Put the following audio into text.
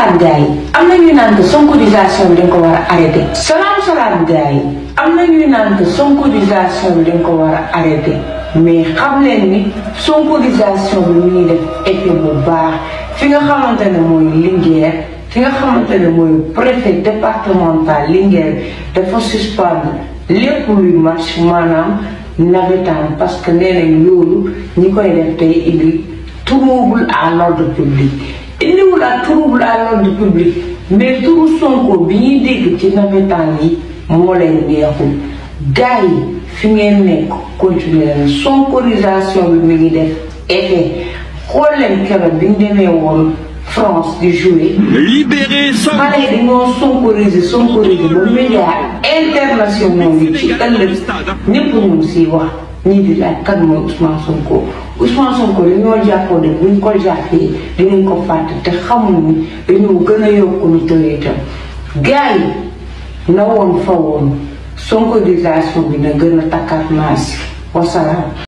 Salam Ndiaye am na ñuy naan que sonkorisation bi dañ ko war a arrêté Salam Salam am na ñuy naan que sonkorisation bi dañ ko war a mais xam leen ni sonkorisation bi mu def effet bu baax fi nga xamante ne mooy Linguère fi nga xamante ne mooy préfet départemental Linguère dafa suspendre lépp luy marche maanaam navétane parce que nee nañ loolu ñi koy def tey indi trouble à l'ordre public laa turu laa noon di public mais turu Sonko bi ñuy dégg ci nawetaan yi moo leen neexul gars fi ngeen nekk continuer leen sonkorisation bi mi ngi def effet xool leen keroog bi ñu demee woon France di jouer. libéré Sonko xale yi dañoo sonkorisé sonkorisé ba média internationaux yi ci ëllëg ñëpp ñu ngi siy ñuy gis ak kan mooy Ousmane Sonko Ousmane Sonko li ñoo jàppoon ne buñ ko jàppee dinañ ko fàtte te xamuñu dañoo gën a yokku notoriété gars yi na woon fa woon Sonko disation bi na gën a takkaat maas wasalaam